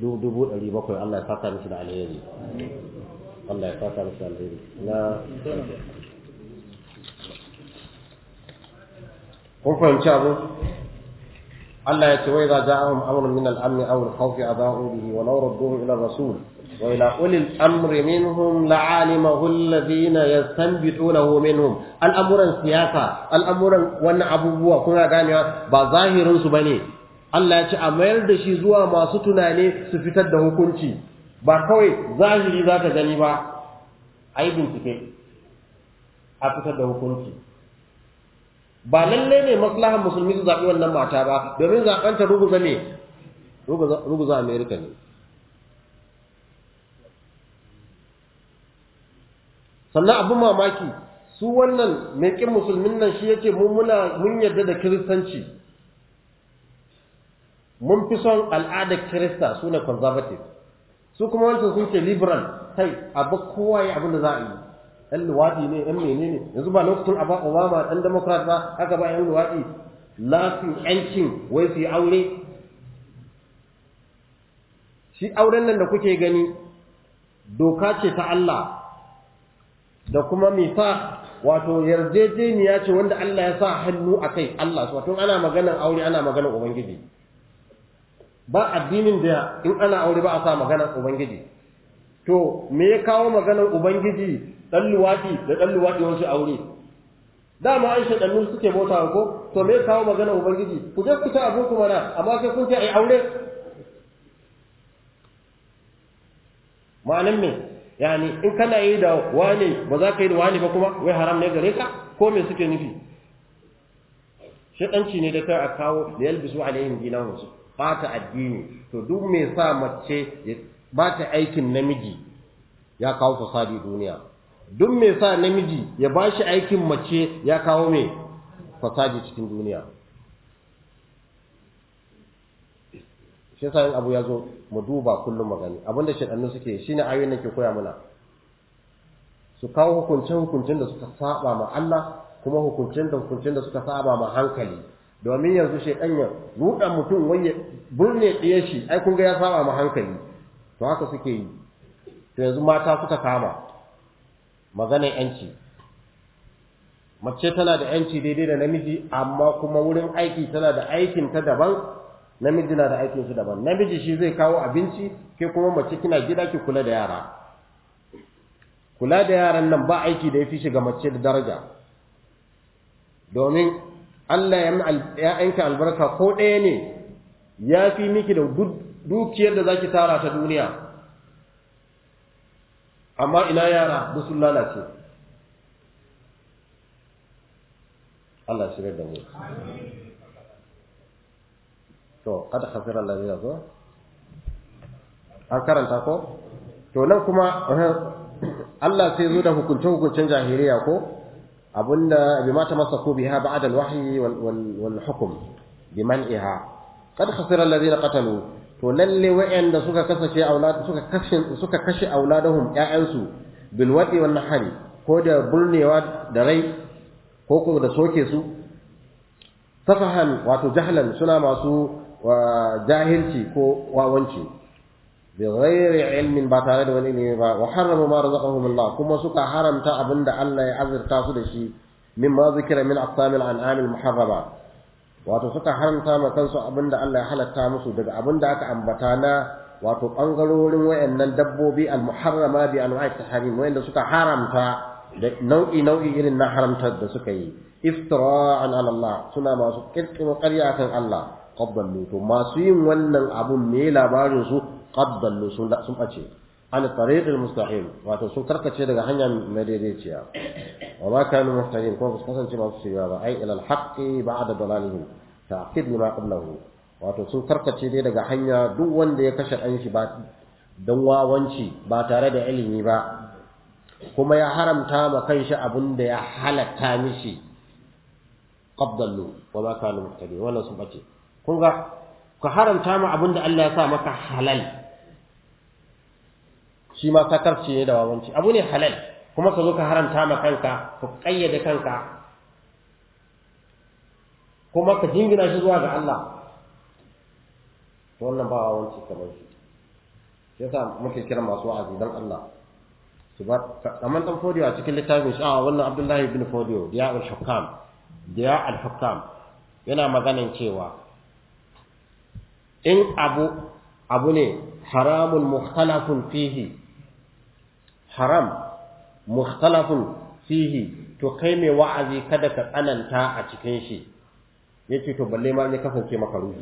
دو دو بو علي بوكو الله يفتح مثل عليه دي الله يفتح مثل عليه دي لا قفهم شابو الله يتوي إذا جاءهم أمر من الأمن أو الخوف أضاعوا به ولو ردوه إلى الرسول وإلى أولي الأمر منهم لعالمه الذين يستنبطونه منهم الأمر السياسة الأمر وأن أبوه كنا قانيا بظاهر سبني Allah ya ce a mayar da shi zuwa masu tunani su fitar da hukunci ba kawai zahiri za ta gani ba a yi bincike a fitar da hukunci ba lallai ne maslahan musulmi su zaɓi wannan mata ba domin zaɓen ta ruguza ne ruguza Amerika ne sannan abin mamaki su wannan mai musulmin nan shi yake mun mun yarda da kiristanci mun fi son al'adar kirista su ne conservative su kuma wancan sun ce liberal kai abu kowa ya abin da za a yi ɗan luwaɗi ne ɗan menene yanzu ba lokacin a ba obama ɗan democrat ba aka ba ɗan luwaɗi lafin yancin wai su yi aure shi auren nan da kuke gani doka ce ta Allah da kuma mifa wato yarjejeniya ce wanda Allah ya sa hannu a kai Allah wato ana maganar aure ana maganar ubangiji ba addinin da in ana aure ba a sa maganar ubangiji to me ya kawo maganar ubangiji dan luwadi da dan luwadi wasu aure dama an shaɗannu suke bota ko to me ya kawo maganar ubangiji ku je ku ta abuku mana amma sai kun ce ai aure ma'anin me yani in kana yi da wani ba za ka yi da wani ba kuma wai haram ne gare ka ko me suke nufi shaɗanci ne da ta a kawo da yalbisu alayhim dinahum ba ta addini to duk mai sa mace ba ta aikin namiji ya kawo fasadi duniya duk me sa namiji ya ba aikin mace ya kawo mai fasadi cikin duniya shi yasa abu ya zo mu duba kullum magani abinda shedannu suke shi ne ayoyin da ke koya mana su kawo hukuncin hukuncin da suka saba ma Allah kuma hukuncin da hukuncin da suka saba ma hankali domin yanzu shedan ya ruɗa mutum waye burne ɗaya shi ai kun ga ya saba ma hankali to haka suke yi to yanzu mata suka kama maganar yanci mace tana da yanci daidai da namiji amma kuma wurin aiki tana da aikin ta daban namiji na da aikin su daban namiji shi zai kawo abinci ke kuma mace kina gida ki kula da yara kula da yaran nan ba aiki da ya fi shiga mace da daraja domin Allah ya yanka albarka ko ɗaya ne ya fi miki da dukiyar da zaki tara ta duniya amma ina yara ba sun lalace Allah shirar da mu to kada khasira alladhina yazo an karanta ko to nan kuma eh, Allah sai zo da hukuncin-hukuncin jahiliya ko abunda bima ko biha ba'da alwahyi wal wal hukm biman'iha kada khasira alladhina qatalu to lalle wa'anda suka kasace aulad suka kashe suka kashe auladuhum ya'ansu bil wadi wal nahari ko da burnewa da rai ko ko da soke su safahan wato jahlan suna masu wa jahilci ko wawanci bi ghairi ilmin ba tare da wani ne ba wa haramu ma razaqahum Allah kuma suka haramta abinda Allah ya azurta su da shi mimma zikira min aqsamil an'am al wato suka haramta ma kansu abinda Allah ya halatta musu daga abinda aka ambata na wato bangarorin wayannan dabbobi almuharrama muharrama bi anwa'i taharim wayanda suka haramta da nau'i nau'i irin na haramtar da suka yi iftira'an ala suna masu kirkiro ƙarya akan Allah qaddallu to masu yin wannan abun me labarin su qaddallu sun sun bace ala tariqil mustaqim wato sun karkace daga hanya mai daidaiciya wa ma kanu muhtadin ko sun kasance su shirya ba ai ila alhaqi ba'da dalalihim ta'qid lima qablahu wato sun karkace dai daga hanya duk wanda ya kashe dan ba dan wawanci ba tare da ilimi ba kuma ya haramta ma kanshi abun da ya halatta mishi qaddallu wa ma kanu muhtadin wannan sun bace kun ga ka haramta ma abin da Allah ya sa maka halal shi ma sakarci ne da wawanci abu ne halal kuma ka zo ka haramta ma kanka ka kayyade kanka kuma ka jingina shi zuwa ga Allah wannan ba wawanci kamar shi yasa muke kira masu wa'azi dan Allah kamar dan fodiyo a cikin littafin shi a ah, wannan abdullahi bin fodiyo diya al-hukam diya al-hukam yana maganin cewa in abu abu ne haramun mukhtalafun fihi haram mukhtalafun fihi to kai mai wa'azi kada ka tsananta a cikin shi ce to balle ma ne kasance maka ruhi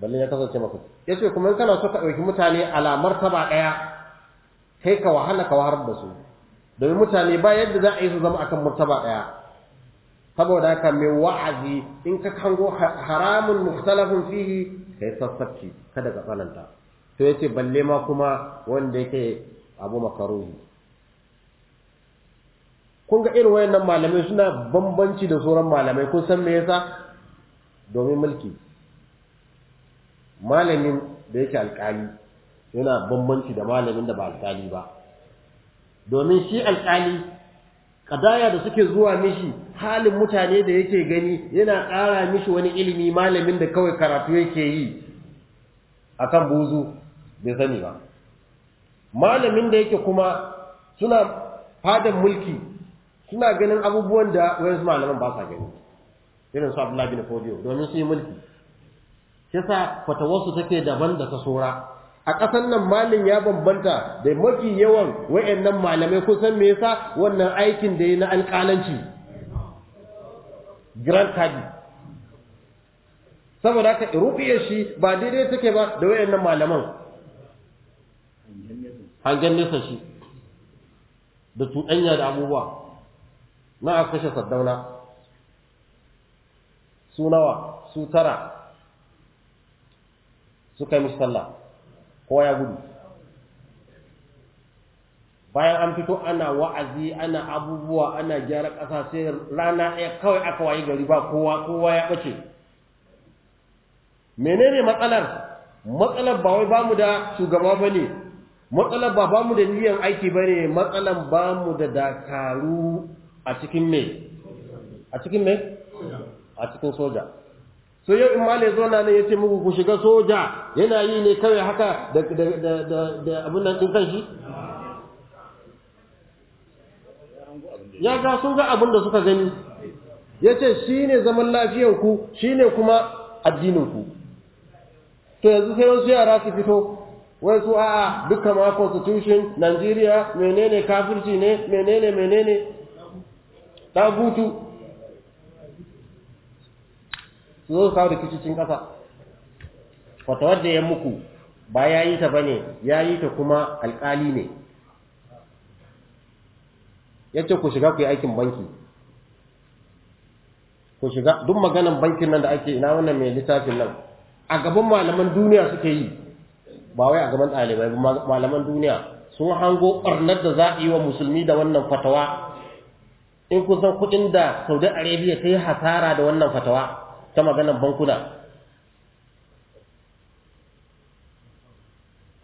balle ya kasance maka ce kuma kana so ka ɗauki mutane ala martaba ɗaya, kai ka wahala ka wahar da su domin mutane ba yadda za a yi su zama akan martaba ɗaya. saboda haka mai wa'azi in ka kango haramun mukhtalafun fihi kai sassabci kada ka tsananta to yace balle ma kuma wanda yake abu makaruhi kun ga irin wayannan malamai suna bambanci da sauran malamai kun san me yasa domin mulki malamin da yake alƙali, yana bambanci da malamin da ba alƙali ba domin shi alƙali. kadaya da suke zuwa mishi halin mutane da yake gani yana ƙara mishi wani ilimi malamin da kawai karatu yake yi a kan buzu bai sani ba malamin da yake kuma suna fadan mulki suna ganin abubuwan da wayansu malamin ba sa gani irin su Abdullahi na Fodiyo domin su yi mulki yasa fatawarsu take daban da ta sora a ƙasar nan malin ya bambanta da mafi yawan wa'annan malamai kusan me yasa wannan aikin da ya na alƙalanci grand cardi saboda haka rubiyar shi ba daidai take ba da wayannan malaman hangen nesa shi da tuɗanya da abubuwa na a kashe saddauna su nawa su tara suka yi musu ko ya gudu bayan an fito ana wa'azi ana abubuwa ana gyara ƙasa sai rana ɗaya kawai aka wayi gari ba kowa kowa ya ɓace menene matsalar matsalar ba wai bamu da shugaba ba ne matsalar ba bamu da niyyar aiki ba ne matsalar bamu da dakaru a cikin me a cikin me a cikin soja so yau in malai zo na ne ya ce muku ku shiga soja yana yi ne kawai haka da abin nan ɗin kanshi ya ga sun ga abin da suka gani ya ce shi ne zaman lafiyanku shi ne kuma addininku to yanzu sai wasu yara su fito wai su a'a duka ma constitution Najeriya menene kafirci ne menene menene ta gutu su zo kawo cin ƙasa fatawar da ya muku ba ya yi ta bane ya yi ta kuma alƙali ne ya ce ku shiga ku yi aikin banki ku shiga duk maganan bankin nan da ake ina wannan mai littafin nan a gaban malaman duniya suke yi ba wai a gaban ɗalibai ba malaman duniya sun hango ɓarnar da za a yi wa musulmi da wannan fatawa in kusan kuɗin da saudi arabia ta yi hasara da wannan fatawa ta magana bankuna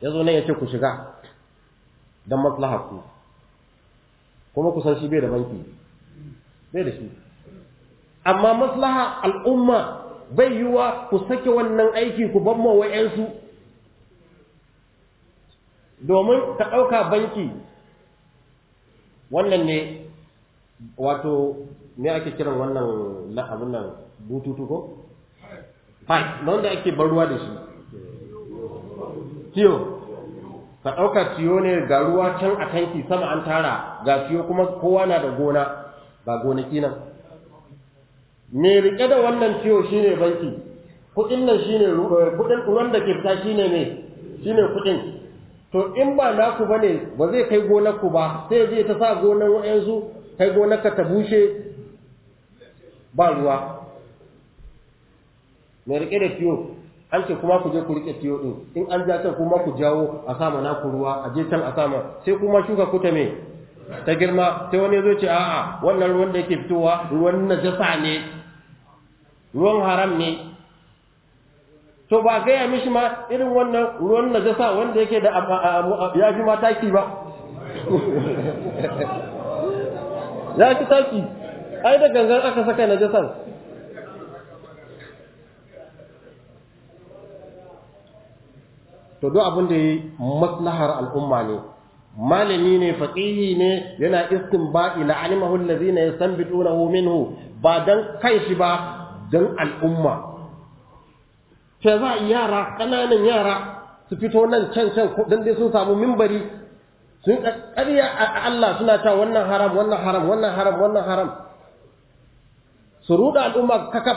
ya zo nan ya ce ku shiga don maslaha ku kuma ku san shi bai da banki bai da shi amma maslaha al'umma bai yiwa ku sake wannan aiki ku ban mawa yansu domin ka ɗauka banki wannan ne wato me ake kiran wannan abin nan bututu ko Fai. don da ake bar ruwa da shi tiyo ka ɗauka tiyo ne ga ruwa can a tanki sama an tara ga tiyo kuma kowa na da gona ba gonaki nan me rike da wannan tiyo shine banki kuɗin nan shine eh, kudin ruwan da ke fita shine ne shine kuɗin to in ba naku bane ba zai kai gonar ku ba sai zai ta sa gonar wa'ansu kai gonar ka ta bushe ba ruwa mai rike da tiyo an ce kuma ku je ku rike tiyo din in an ja can kuma ku jawo a sama na ku ruwa a je can a sama sai kuma shuka ku ta me ta girma sai wani zo ce a'a wannan ruwan da yake fitowa ruwan najasa ne ruwan haram ne to ba ya mishi ma irin wannan ruwan najasa wanda yake da ya fi ma taki ba ya fi taki ai da gangan aka saka najasar to duk abin da yi maslahar al'umma ne malami ne faqihi ne yana istinba'i la alimahu allazina yastanbitunahu minhu ba dan kai shi ba dan al'umma sai za yara kananan yara su fito nan can can dan dai sun samu mimbari sun ƙarya a Allah suna ta wannan haram wannan haram wannan haram wannan haram su ruɗa al'umma kakaf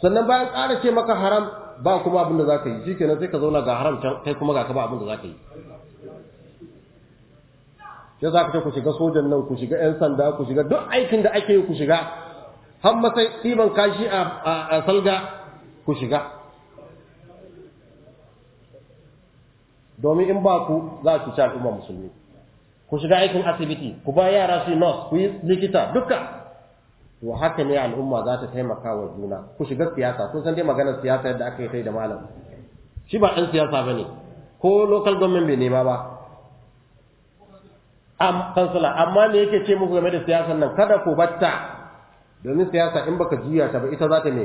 sannan bayan ƙara ce maka haram ba kuma abin da za ka yi shi kenan sai ka zauna ga haram can kai kuma ga ka ba abin da za ka yi ya za ka ce ku shiga sojan nan ku shiga 'yan sanda ku shiga duk aikin da ake yi ku shiga har masai ɗiban kashi a salga ku shiga domin in ba ku za ku ci al'umma musulmi ku shiga aikin asibiti ku ba yara su nurse ku yi likita duka to haka ne al'umma za ta taimaka wa juna ku shiga siyasa kun san dai maganar siyasa yadda aka yi sai da malam shi ba ɗan siyasa ba ne ko local government bai nema ba kansula amma ne yake ce muku game da siyasar nan kada ku batta domin siyasa in baka juya ta ba ita za ta ne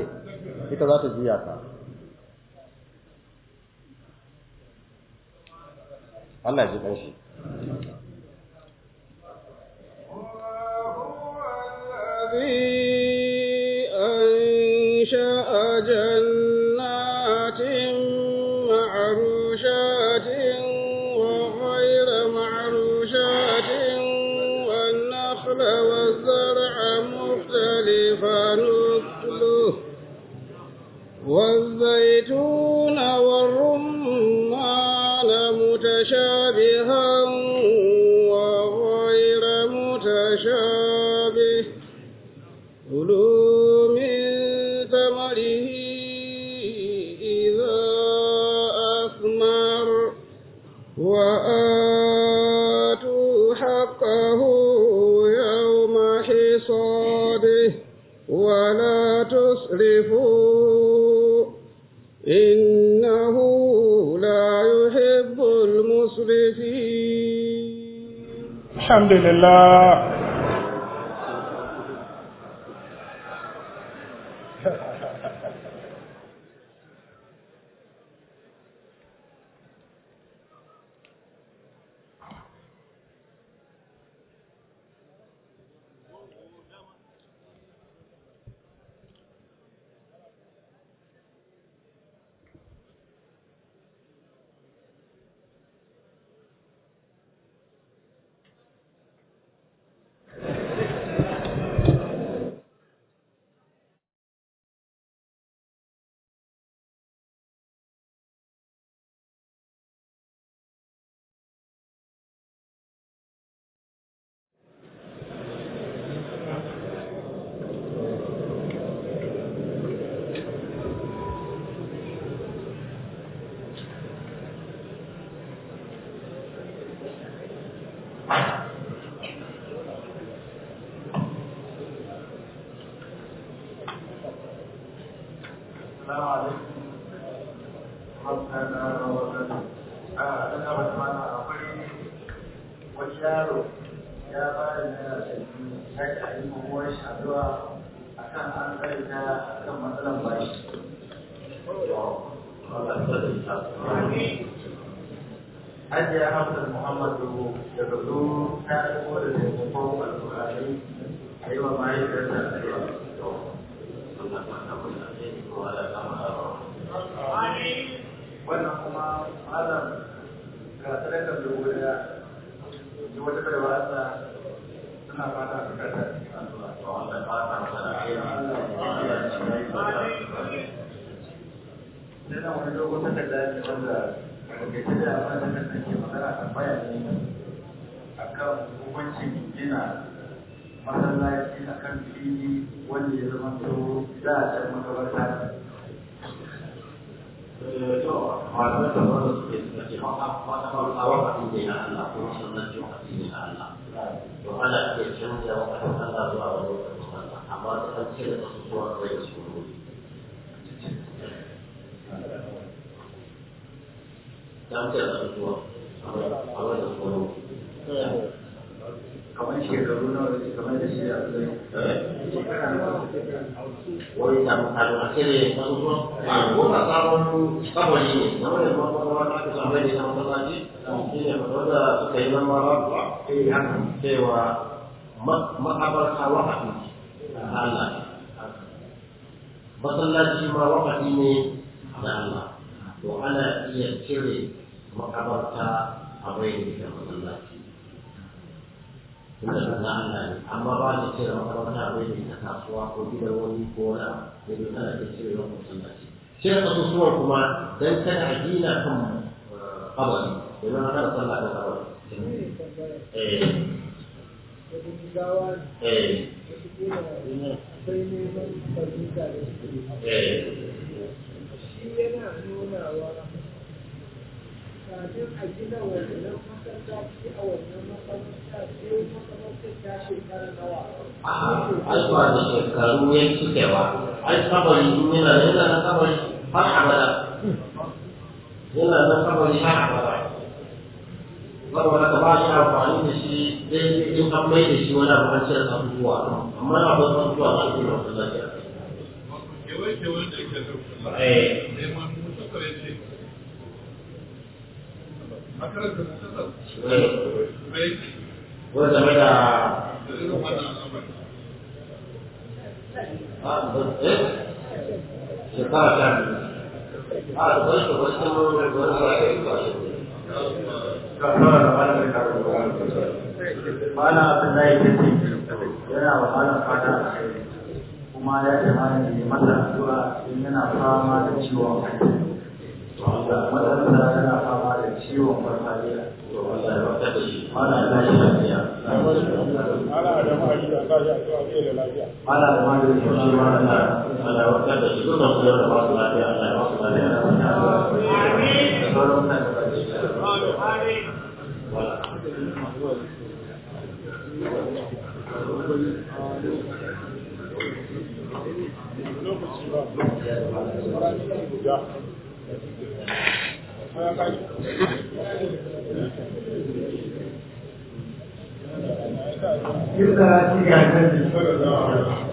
ita za ta juya ta Allah ya ji ƙanshi أنشأ جنات معروشات معروشات والنخل والزرع مختلفا والزيتون والرمان متشابهان كلوا من ثمره إذا أثمر وآتوا حقه يوم حصاده ولا تسرفوا إنه لا يحب المسرفين الحمد لله wannan kuma malam ga sadakar da wuri da wata da ba suna fata su kada Dana ne wanda da ke da amma da ke magana tambaya ne wanda wanda suke suka ce mata kai da su ne dan ce da kamar shekaru nawa da kamar da shi a zai wani samu kalu Allah Allah tunda da na Allah ne amma ba ta cire maka wani abu ne na kasuwa ko gidan wani ko wani abu ne don tana da cire maka masallaci cire kuma dan kada a gina kan kabari domin a kada sallah da kabari kafin a gina wannan a wannan makaranta ta shekara nawa da shekaru ya ci kewa ai kabari yana yana na fara har abada yana na kabari har da. saboda da ba shi amfani da shi dai in an mai da shi wani abu an cire abubuwa amma abin abubuwa ba su ne a kai. Kewai kewai da ke Eh. ko game da shekara ta da da da yana kuma ya ce in yana fama da ciwon kai. Wanda matsalarsa yana fama ciwon farfariya to Allah ya wata da shi mana da shi lafiya mana da ma shi da kaji a zuwa da lafiya mana da ma da shi ma Allah Allah ya wata da shi dukkan su da ba su lafiya Allah ya wata da shi amin sauran ta da shi amin wala Thank you. Thank you.